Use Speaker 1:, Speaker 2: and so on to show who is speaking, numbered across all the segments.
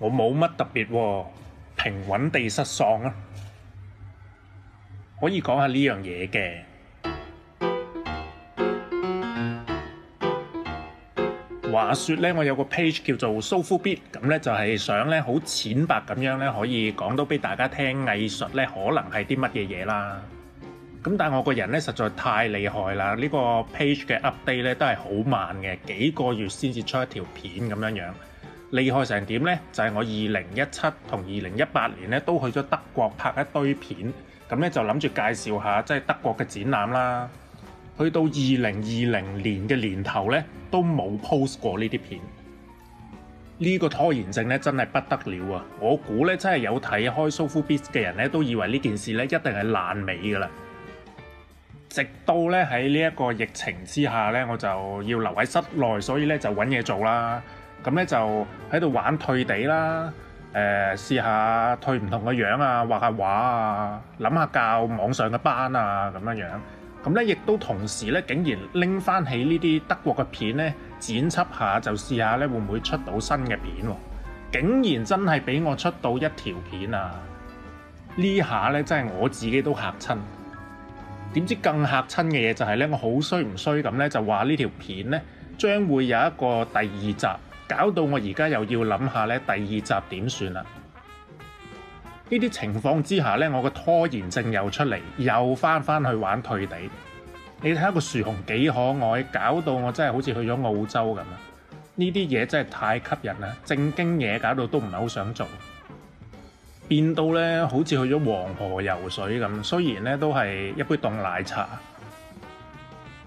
Speaker 1: 我冇乜特別、啊，平穩地失喪啊！可以講下呢樣嘢嘅。話說呢，我有個 page 叫做 So Fabit，咁呢就係、是、想呢，好淺白咁樣呢，可以講到俾大家聽藝術呢，可能係啲乜嘢嘢啦。咁但係我個人呢，實在太厲害啦，呢、這個 page 嘅 update 呢，都係好慢嘅，幾個月先至出一條片咁樣樣。厲害成點呢？就係我二零一七同二零一八年咧都去咗德國拍一堆片，咁咧就諗住介紹下即係德國嘅展覽啦。去到二零二零年嘅年頭咧，都冇 post 過呢啲片。呢個拖延症咧真係不得了啊！我估咧真係有睇開 Sofubi 嘅人咧都以為呢件事咧一定係爛尾㗎喇。直到咧喺呢一個疫情之下咧，我就要留喺室內，所以咧就揾嘢做啦。咁咧就喺度玩退地啦，誒、呃、試下退唔同嘅樣啊，畫下畫啊，諗下教網上嘅班啊，咁樣樣。咁咧亦都同時咧，竟然拎翻起呢啲德國嘅片咧剪輯下，就試下，就試下咧會唔會出到新嘅片喎？竟然真係俾我出到一條片啊！下呢下咧真係我自己都嚇親。點知更嚇親嘅嘢就係咧，我好衰唔衰咁咧，就話呢條片咧將會有一個第二集。搞到我而家又要諗下咧，第二集點算啦？呢啲情況之下呢，我個拖延症又出嚟，又翻返去玩退地。你睇下個樹熊幾可愛，搞到我真係好似去咗澳洲咁啊！呢啲嘢真係太吸引啦，正經嘢搞到都唔係好想做，變到呢好似去咗黃河游水咁。雖然呢都係一杯凍奶茶，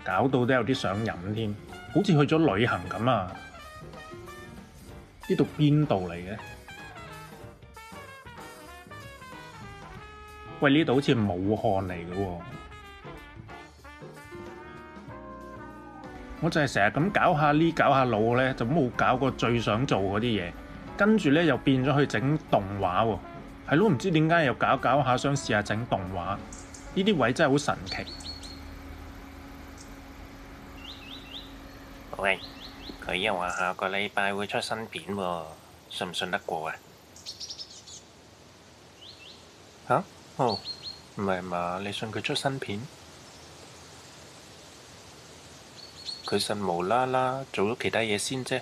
Speaker 1: 搞到都有啲想飲添，好似去咗旅行咁啊！呢度邊度嚟嘅？喂，呢度好似武漢嚟嘅喎。我就係成日咁搞下，搞下呢，搞下腦咧，就冇搞過最想做嗰啲嘢。跟住咧又變咗去整動畫喎，哦，係咯？唔知點解又搞搞下想試下整動畫。呢啲位真係好神奇。喂，佢又話下個禮拜會出新片喎，信唔信得過啊？吓？哦，唔係嘛，你信佢出新片？佢信無啦啦做咗其他嘢先啫。